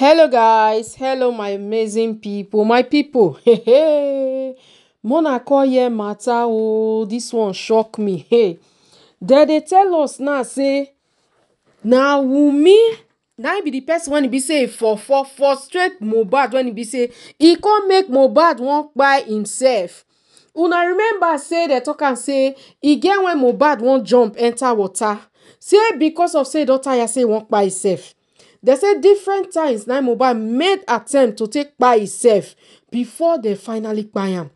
hello guys hello my amazing people my people hey mona call here matter oh this one shock me hey dem they tell us now say now wumi. Now im be the person wen e be say e for for frustrate mobad when he be say he can't make mobad walk by himself una remember say they talk and say he get when mobad won't jump enter water say because of say daughter don say walk by kpai himself dem say different times na mohbad made attempt to take kpai himself before dem finally kpai am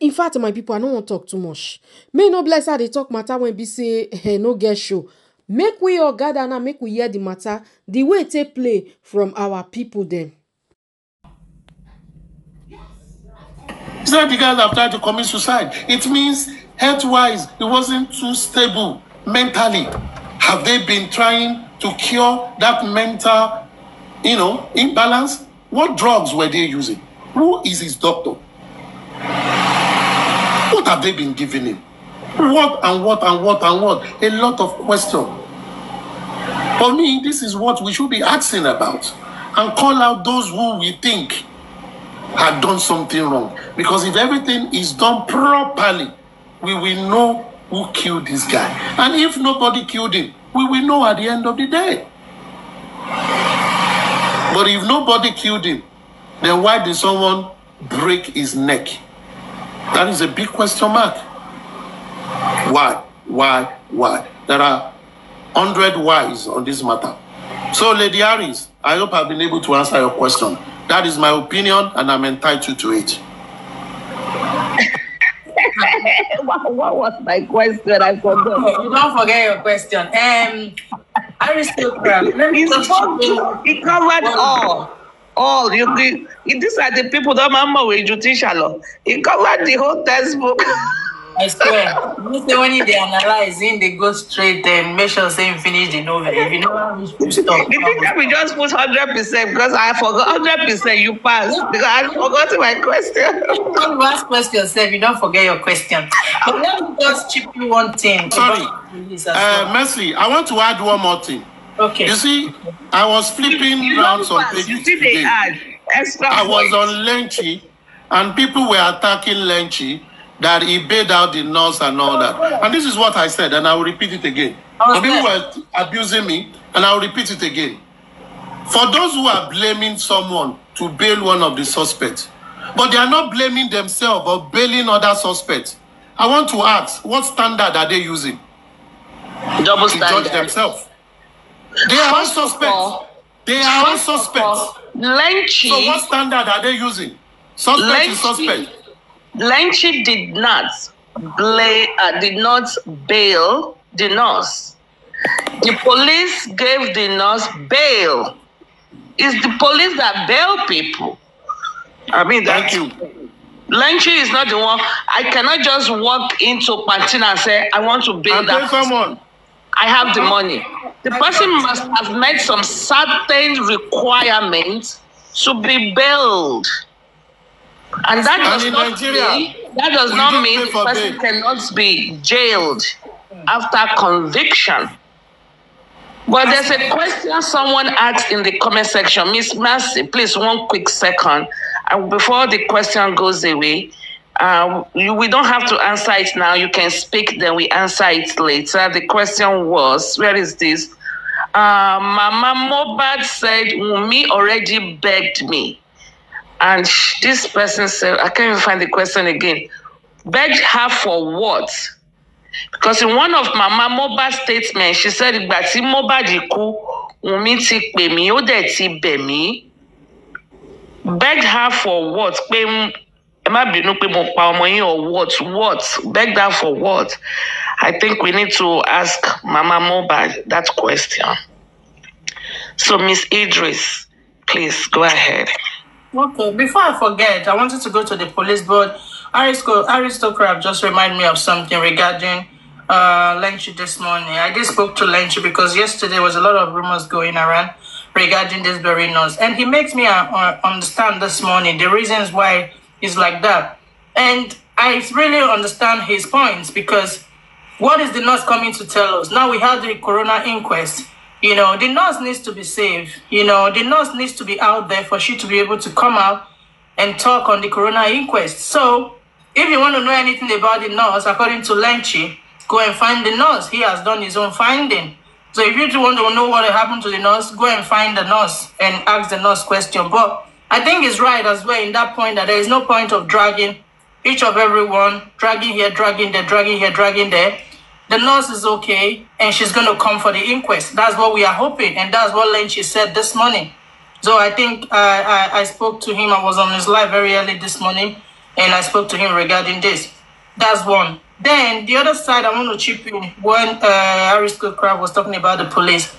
in fact my people. i no wan talk too much May no bless i dey talk matter wey be say eh, no get show make we all gather now make we hear the matter. The way take play from our pipo dem say the guys have tried to commit suicide. It means health-wise, it wasn't too stable mentally. Have they been trying to cure that mental, you know, imbalance? What drugs were they using? Who is his doctor? What have they been giving him? What and what and what and what? A lot of questions. For me, this is what we should be asking about and call out those who we think have done something wrong. Because if everything is done properly, we will know who killed this guy. And if nobody killed him, we will know at the end of the day. But if nobody killed him, then why did someone break his neck? That is a big question mark. Why? Why? Why? There are hundred whys on this matter. So, Lady Harris, I hope I've been able to answer your question. That is my opinion, and I'm entitled to it. what, was my question? I forgot. Oh, you don't forget your question. Um, aristocrat. Let me talk It covered all. All you could, these are the people that Mama will judicial law. It covered the whole textbook. I swear. You say when they analyze, analyzing, they go straight and make sure they finish the novel. If you know how to stop. The that we just put hundred percent because I forgot hundred percent you passed because I forgot my question. Don't ask questions, You don't forget your question. But let me just chip you one thing. Sorry, uh, Mercy. I want to add one more thing. Okay. You see, I was flipping you around some pages you see today. add extra I was on Lenchi, and people were attacking Lenchi that he bailed out the nurse and all that. And this is what I said, and I will repeat it again. Some people are abusing me, and I will repeat it again. For those who are blaming someone to bail one of the suspects, but they are not blaming themselves or bailing other suspects. I want to ask, what standard are they using? Double standard. To judge themselves. They are all suspects. They are all suspects. Lynching. So what standard are they using? Suspect Lynchy. is suspect. Lenchi did not blay, uh, did not bail the nurse. The police gave the nurse bail. It's the police that bail people. I mean, thank you. Lenchi is not the one. I cannot just walk into Pantina and say, I want to bail that. someone. I have the money. The person must have met some certain requirements to be bailed. And that and does not Nigeria, mean, that does not mean the person bail. cannot be jailed after conviction. But there's a question someone asked in the comment section. Miss Mercy, please, one quick second. And before the question goes away, uh, you, we don't have to answer it now. You can speak, then we answer it later. The question was, where is this? Uh, Mama Mobad said, Wumi already begged me And this person said, I can't even find the question again. Begged her for what? Because in one of Mama Mohbad's statements, she said, Ìgbà tí Mohbad kú, Wunmi ti Begged her for what? Pé ẹ má bínú mo pa or what? What? Begged her for what? I think we need to ask Mama Mohbad that question. So, Miss Idris, please go ahead. Okay, before I forget, I wanted to go to the police board. Aristocrat just reminded me of something regarding uh, Lenchi this morning. I just spoke to Lenchi because yesterday was a lot of rumors going around regarding this Berinos. And he makes me uh, uh, understand this morning the reasons why he's like that. And I really understand his points because what is the nurse coming to tell us? Now we have the corona inquest you know, the nurse needs to be safe. You know, the nurse needs to be out there for she to be able to come out and talk on the corona inquest. So, if you want to know anything about the nurse, according to Lenchi, go and find the nurse. He has done his own finding. So, if you want to know what happened to the nurse, go and find the nurse and ask the nurse question. But I think it's right as well in that point that there is no point of dragging each of everyone, dragging here, dragging there, dragging here, dragging there the nurse is okay and she's going to come for the inquest. That's what we are hoping. And that's what Lenchi said this morning. So I think uh, I, I spoke to him. I was on his live very early this morning and I spoke to him regarding this. That's one. Then the other side, I want to chip in when uh, Harris Crab was talking about the police.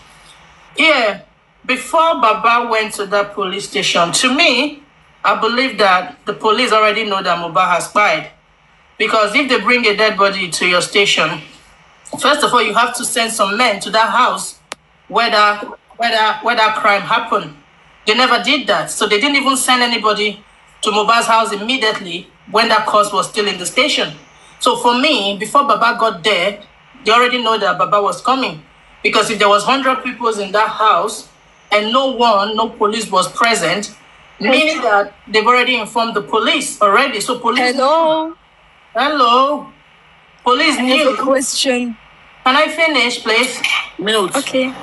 Yeah, before Baba went to that police station, to me, I believe that the police already know that Mubah has died. Because if they bring a dead body to your station, First of all, you have to send some men to that house where that, where that, where that crime happened. They never did that. So they didn't even send anybody to Mubarak's house immediately when that cause was still in the station. So for me, before Baba got there, they already know that Baba was coming. Because if there was 100 people in that house and no one, no police was present, meaning that they've already informed the police already. So police... Hello? Hello? Police I knew. a question. Can I finish, please? Mute. Okay.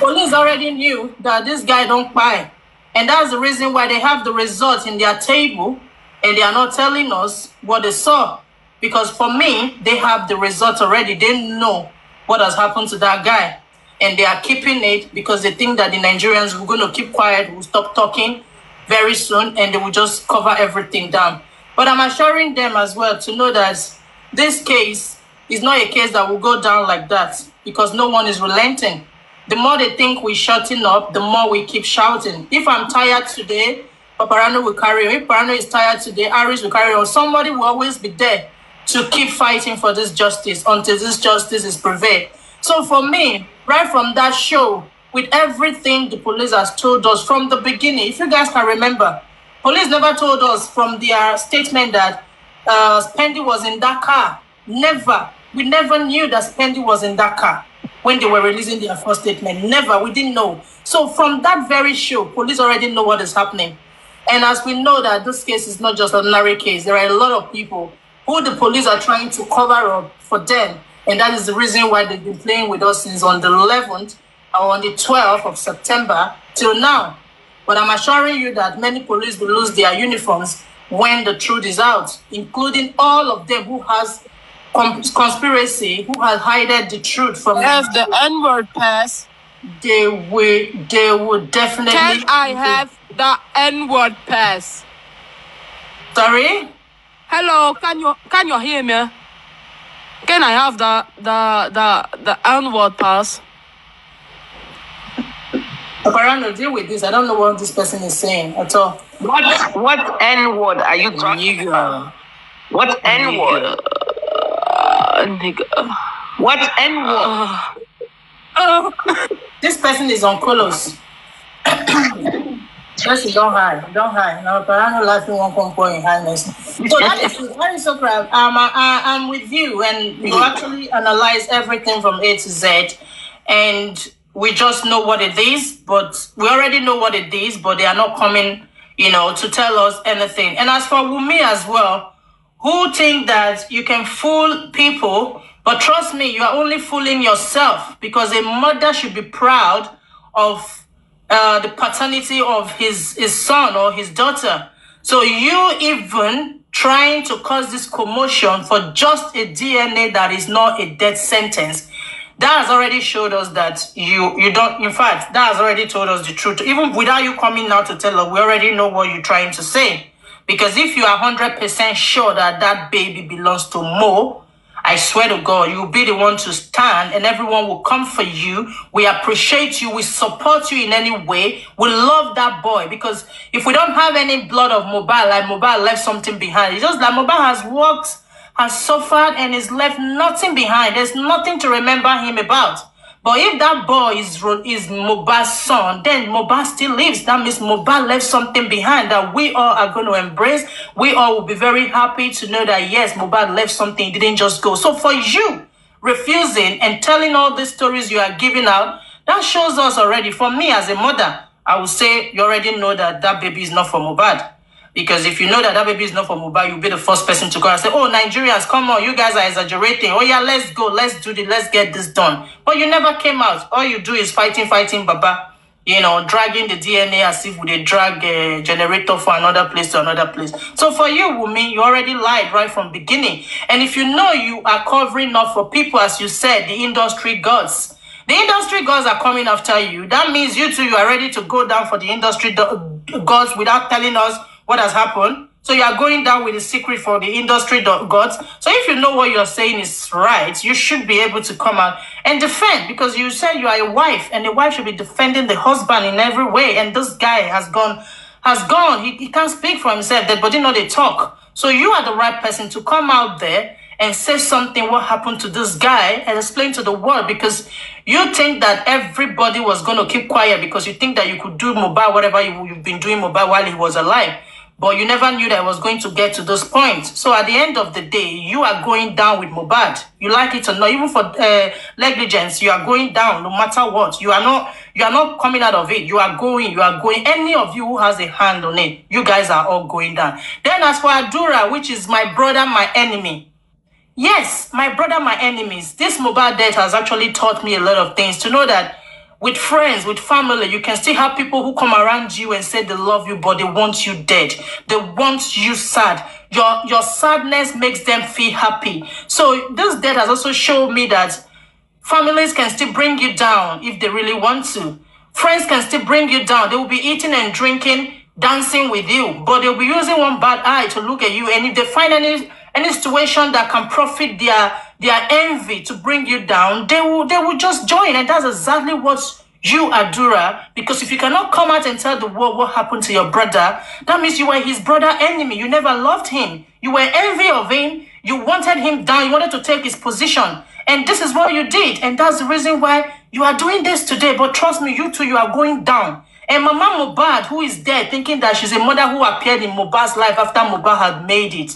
Police already knew that this guy don't buy. And that's the reason why they have the results in their table and they are not telling us what they saw. Because for me, they have the results already. They know what has happened to that guy. And they are keeping it because they think that the Nigerians are going to keep quiet, will stop talking very soon, and they will just cover everything down. But I'm assuring them as well to know that this case is not a case that will go down like that because no one is relenting. The more they think we're shutting up, the more we keep shouting. If I'm tired today, Paparano will carry on. If Paparano is tired today, Aris will carry on. Somebody will always be there to keep fighting for this justice until this justice is prevailed. So for me, right from that show, with everything the police has told us from the beginning, if you guys can remember, Police never told us from their statement that uh, Spendi was in that car. Never. We never knew that Spendi was in that car when they were releasing their first statement. Never. We didn't know. So from that very show, police already know what is happening. And as we know that this case is not just an ordinary case, there are a lot of people who the police are trying to cover up for them. And that is the reason why they've been playing with us since on the 11th or uh, on the 12th of September till now. But I'm assuring you that many police will lose their uniforms when the truth is out, including all of them who has conspiracy, who has hidden the truth from. Have the N-word pass. They will. They will definitely. Can I have the N-word pass? Sorry. Hello. Can you can you hear me? Can I have the the the the N-word pass? Parano, deal with this. I don't know what this person is saying at all. What what N word are you talking nigga. about? What N word? Nigga. what N word? Uh, uh, this person is on colors. Yes, don't hide, don't hide. Now, Parano laughing one come for your highness. So that is that is so proud. Um, I, I, I'm with you, and you mm. actually analyze everything from A to Z, and we just know what it is, but we already know what it is, but they are not coming, you know, to tell us anything. And as for Wumi as well, who think that you can fool people, but trust me, you are only fooling yourself because a mother should be proud of uh, the paternity of his, his son or his daughter. So you even trying to cause this commotion for just a DNA that is not a death sentence that has already showed us that you you don't in fact that has already told us the truth even without you coming now to tell us we already know what you're trying to say because if you are 100% sure that that baby belongs to mo i swear to god you'll be the one to stand and everyone will come for you we appreciate you we support you in any way we love that boy because if we don't have any blood of mobile like mobile left something behind it's just that like mobile has worked has suffered and is left nothing behind. There's nothing to remember him about. But if that boy is is Moba's son, then Moba still lives. That means Moba left something behind that we all are going to embrace. We all will be very happy to know that yes, Moba left something. didn't just go. So for you refusing and telling all these stories you are giving out, that shows us already. For me as a mother, I would say you already know that that baby is not for Mobad. Because if you know that that baby is not from Uba, you'll be the first person to go and say, oh, Nigerians, come on, you guys are exaggerating. Oh, yeah, let's go, let's do this, let's get this done. But you never came out. All you do is fighting, fighting, Baba. You know, dragging the DNA as if they drag a generator from another place to another place. So for you, Wumi, you already lied right from beginning. And if you know you are covering up for people, as you said, the industry gods, the industry gods are coming after you. That means you two, you are ready to go down for the industry gods without telling us what has happened. So you are going down with a secret for the industry gods. So if you know what you're saying is right, you should be able to come out and defend because you said you are a wife and the wife should be defending the husband in every way. And this guy has gone, has gone. He, he can't speak for himself. That he know they talk. So you are the right person to come out there and say something what happened to this guy and explain to the world because you think that everybody was going to keep quiet because you think that you could do mobile whatever you, you've been doing mobile while he was alive but you never knew that I was going to get to this point. So at the end of the day, you are going down with Mobad. You like it or not, even for uh, negligence, you are going down no matter what. You are not you are not coming out of it. You are going, you are going. Any of you who has a hand on it, you guys are all going down. Then as for Adura, which is my brother, my enemy. Yes, my brother, my enemies. This mobile debt has actually taught me a lot of things to know that with friends, with family. You can still have people who come around you and say they love you, but they want you dead. They want you sad. Your your sadness makes them feel happy. So this death has also shown me that families can still bring you down if they really want to. Friends can still bring you down. They will be eating and drinking, dancing with you, but they'll be using one bad eye to look at you. And if they find any any situation that can profit their their envy to bring you down, they will they will just join. And that's exactly what you are Dura. Because if you cannot come out and tell the world what happened to your brother, that means you were his brother enemy. You never loved him. You were envy of him. You wanted him down. You wanted to take his position. And this is what you did. And that's the reason why you are doing this today. But trust me, you too, you are going down. And Mama Mubad, who is there, thinking that she's a mother who appeared in Mubad's life after Mubad had made it.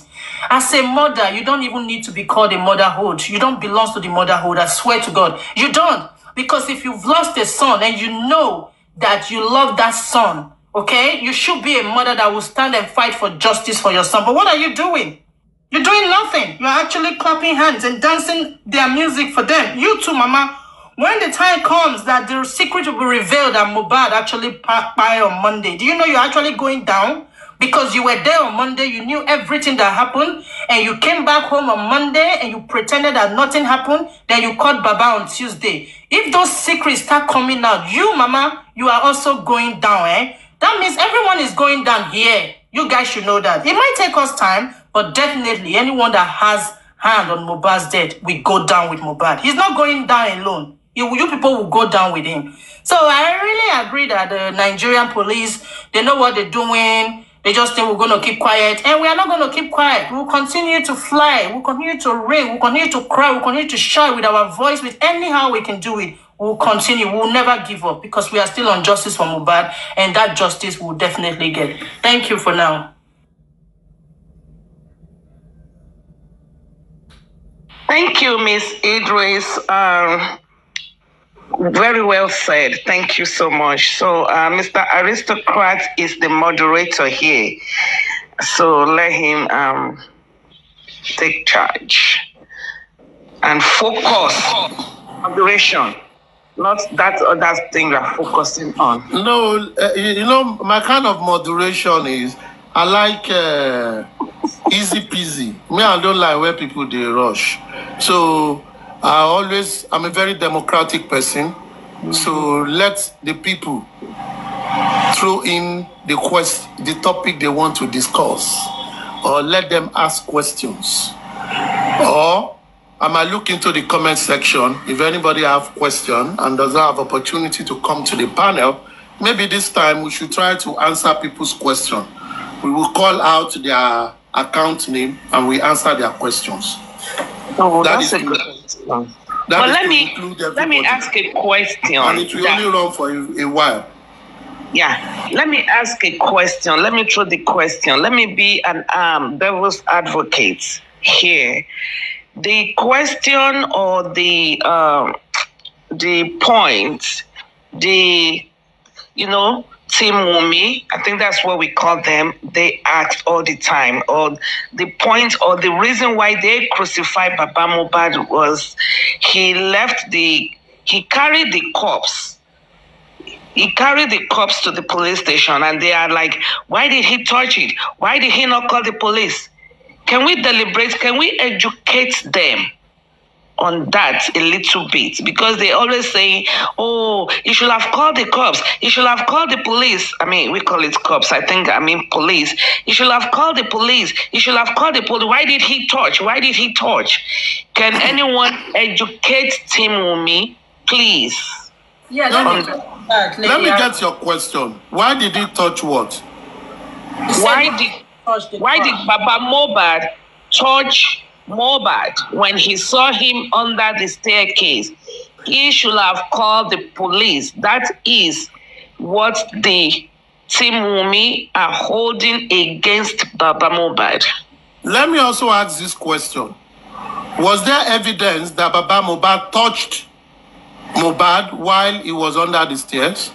As a mother, you don't even need to be called a motherhood. You don't belong to the motherhood. I swear to God. You don't. Because if you've lost a son and you know that you love that son, okay, you should be a mother that will stand and fight for justice for your son. But what are you doing? You're doing nothing. You're actually clapping hands and dancing their music for them. You too, Mama When the time comes that the secret will be revealed and Mubad actually passed by on Monday, do you know you're actually going down? Because you were there on Monday, you knew everything that happened, and you came back home on Monday and you pretended that nothing happened, then you called Baba on Tuesday. If those secrets start coming out, you, Mama, you are also going down, eh? That means everyone is going down here. You guys should know that. It might take us time, but definitely anyone that has hand on Mubad's death, we go down with Mubad. He's not going down alone. You, you people will go down with him. So I really agree that the Nigerian police, they know what they're doing. They just think we're going to keep quiet. And we are not going to keep quiet. We'll continue to fly. We'll continue to ring. We'll continue to cry. We'll continue to shout with our voice, with anyhow we can do it. We'll continue. We'll never give up because we are still on justice for Mubad. And that justice will definitely get. Thank you for now. Thank you, Miss Idris. Um, very well said. Thank you so much. So, uh, Mr. Aristocrat is the moderator here. So, let him um, take charge and focus moderation, not that other thing you're focusing on. No, uh, you know, my kind of moderation is I like. Uh, easy peasy. Me, I don't like where people they rush. So I always, I'm a very democratic person. So let the people throw in the quest, the topic they want to discuss, or let them ask questions. Or I might look into the comment section if anybody have question and doesn't have opportunity to come to the panel. Maybe this time we should try to answer people's question. We will call out their account name and we answer their questions. Oh, that that's is, a good um, but let me let me ask a question. And it will that, only run for a, a while. Yeah, let me ask a question. Let me throw the question. Let me be an um, devil's advocate here. The question or the um, the point, the you know, Team Wumi, I think that's what we call them, they act all the time. Or the point or the reason why they crucified Baba Mubad was he left the, he carried the corpse he carried the corpse to the police station and they are like, why did he touch it? Why did he not call the police? Can we deliberate? Can we educate them on that a little bit because they always say, "Oh, you should have called the cops. You should have called the police." I mean, we call it cops. I think I mean police. You should have called the police. You should have called the police. Why did he touch? Why did he touch? Can anyone educate Tim Wumi, please? Yeah, let me, let me get your question. Why did he touch what? Why did, why did Baba Mobad touch Mobad, when he saw him under the staircase, he should have called the police. That is what the Team Wumi are holding against Baba Mobad. Let me also ask this question. Was there evidence that Baba Mobad touched Mobad while he was under the stairs?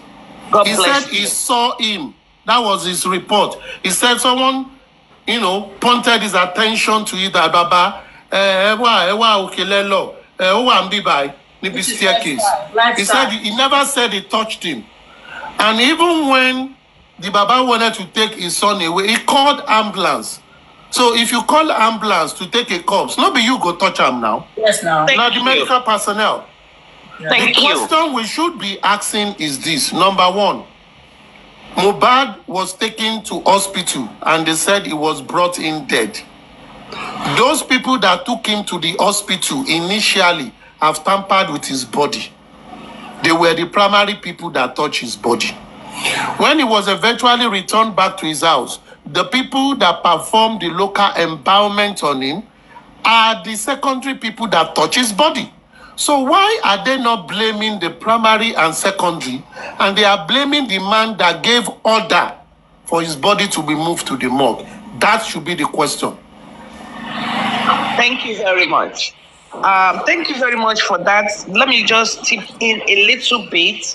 God he said you. he saw him. That was his report. He said someone you know, pointed his attention to it that Baba, ẹ wá ẹ lẹ́lọ̀, ẹ ó wà ń staircase. He said he never said he touched him. And even when the Baba wanted to take his son away, he called ambulance. So if you call ambulance to take a corpse, not be you go touch him now. Yes, now. Thank now the medical personnel. Yeah. Thank the you. question we should be asking is this: number one, Mubad was taken to hospital and they said he was brought in dead. Those people that took him to the hospital initially have tampered with his body. They were the primary people that touched his body. When he was eventually returned back to his house, the people that performed the local empowerment on him are the secondary people that touch his body. So why are they not blaming the primary and secondary and they are blaming the man that gave order for his body to be moved to the morgue? That should be the question. Thank you very much. Um, thank you very much for that. Let me just tip in a little bit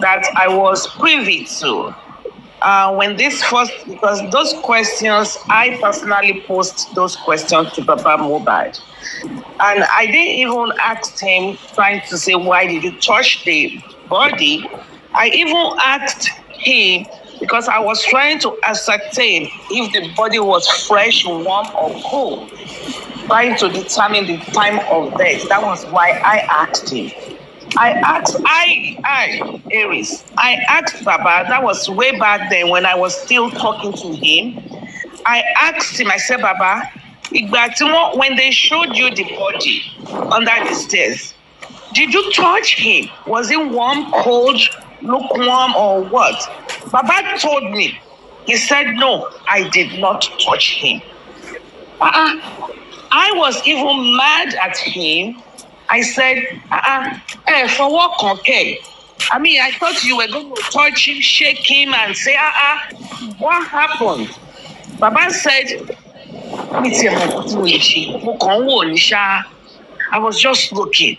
that I was privy to. Uh, when this first, because those questions, I personally posed those questions to Papa Mobad. And I didn't even ask him, trying to say, why did you touch the body? I even asked him, because I was trying to ascertain if the body was fresh, warm, or cold, trying to determine the time of death. That was why I asked him. I asked, I, I, Aries, I asked Baba, that was way back then when I was still talking to him. I asked him, I said, Baba, when they showed you the body under the stairs, did you touch him? Was it warm, cold, lukewarm, or what? Baba told me. He said, No, I did not touch him. Uh-uh. I was even mad at him I said, uh-uh, hey, for what okay? I mean, I thought you were going to touch him, shake him, and say, uh-uh, what happened? Baba said, I was just looking.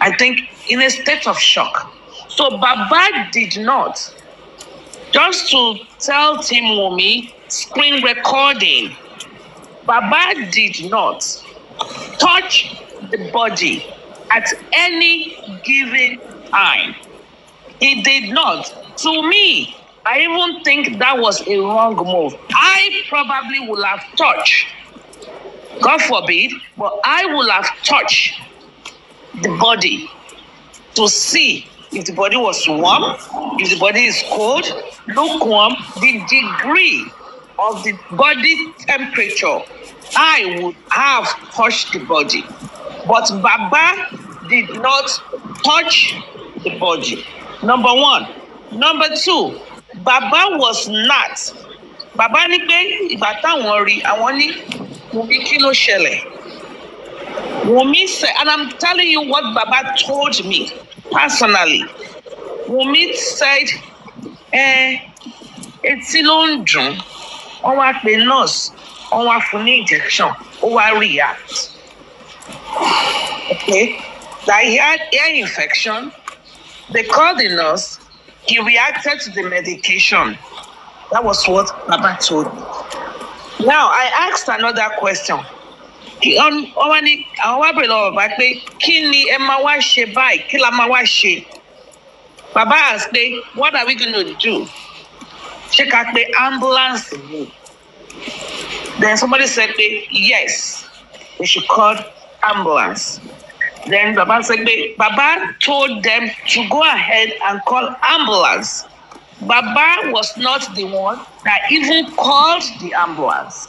I think in a state of shock. So Baba did not. Just to tell Tim Wumi, screen recording, Baba did not touch the body at any given time. He did not. To me, I even think that was a wrong move. I probably would have touched, God forbid, but I would have touched the body to see if the body was warm, if the body is cold, lukewarm, the degree of the body temperature. I would have touched the body. But Baba did not touch the body. Number one. Number two, Baba was not. Baba ní pé ìgbà táwọn rí àwọn ní Wunmi kí ló ṣẹlẹ̀. Wunmi said, and I'm telling you what Baba told me personally. Wunmi said, eh, etí ló ń dùn, wọ́n wá pe nurse, wọ́n wá fún ní injection, ó wá react. Okay. That he had ear infection. They called the nurse. He reacted to the medication. That was what Baba told me. Now, I asked another question. Wọ́n wá ní àwọn wá bèrè lọ́wọ́ bá pé kí ni ẹ máa wá ṣe báyìí what are we going to do? Check out the ambulance Then somebody said pé yes, we should call ambulance. Then Baba Segbe, Baba told them to go ahead and call ambulance. Baba was not the one that even called the ambulance.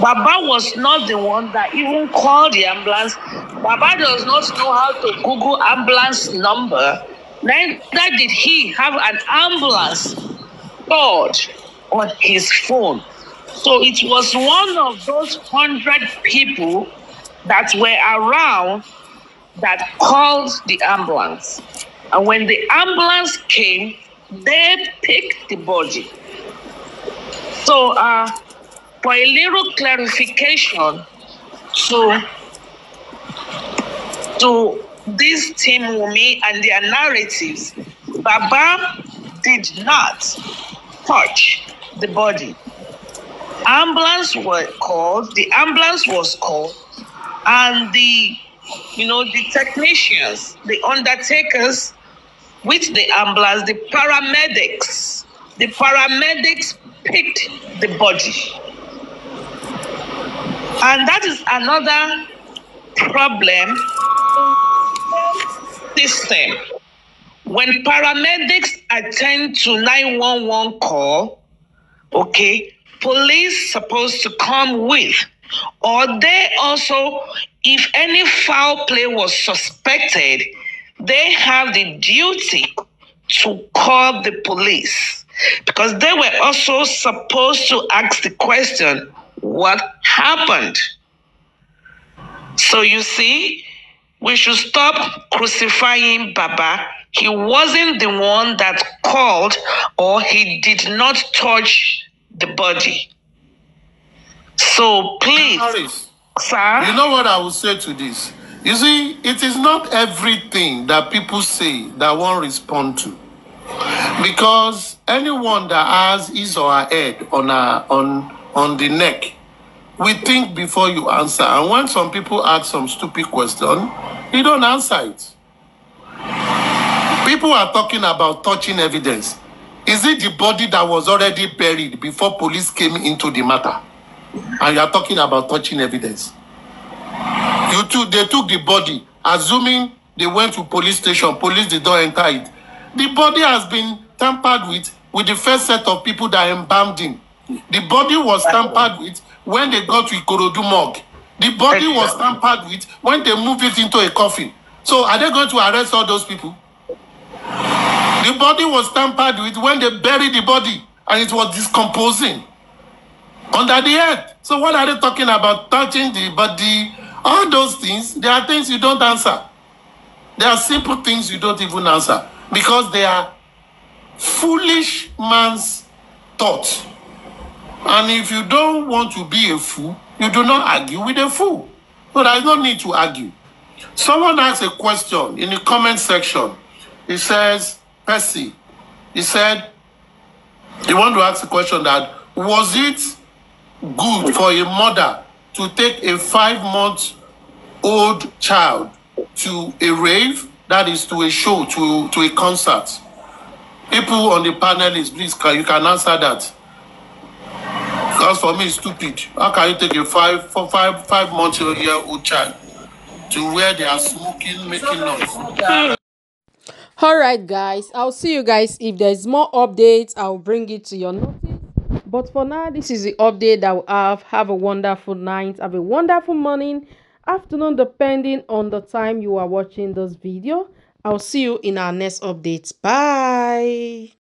Baba was not the one that even called the ambulance. Baba does not know how to Google ambulance number. Neither did he have an ambulance board on his phone. So it was one of those hundred people that were around that called the ambulance. And when the ambulance came, they picked the body. So, uh, for a little clarification to, to this team, Wumi, and their narratives, Baba did not touch the body. ambulance were called the ambulance was called and the you know the technicians the undertakers with the ambulance the paramedics the paramedics picked the body and that is another problem system when paramedics attend to 911 call okay police supposed to come with or they also if any foul play was suspected they have the duty to call the police because they were also supposed to ask the question what happened so you see we should stop crucifying baba he wasn't the one that called or he did not touch the body. So please, Harris, sir. You know what I will say to this? You see, it is not everything that people say that one respond to. Because anyone that has his or her head on a, on on the neck, we think before you answer. And when some people ask some stupid question, you don't answer it. People are talking about touching evidence. Is it the body that was already buried before police came into the matter? And you are talking about touching evidence. You took, they took the body, assuming they went to police station, police did not enter it. The body has been tampered with with the first set of people that embalmed him. The body was tampered with when they got to Ikorodu morgue. The body was tampered with when they moved it into a coffin. So are they going to arrest all those people? The body was tampered with when they buried the body and it was decomposing under the earth. So what are they talking about? Touching the body, all those things, there are things you don't answer. There are simple things you don't even answer because they are foolish man's thought. And if you don't want to be a fool, you do not argue with a fool. So there is no need to argue. Someone asked a question in the comment section. He says, Percy. He said, he want to ask the question that, was it good for a mother to take a five-month-old child to a rave, that is to a show, to, to a concert? People on the panelists, please, can, you can answer that. Because for me, it's stupid. How can you take a five, four, five, five month old child to where they are smoking, making noise? Ah. All right, guys, I'll see you guys. If there's more updates, I'll bring it to your notice. But for now, this is the update that we have. Have a wonderful night. Have a wonderful morning, afternoon, depending on the time you are watching this video. I'll see you in our next update. Bye.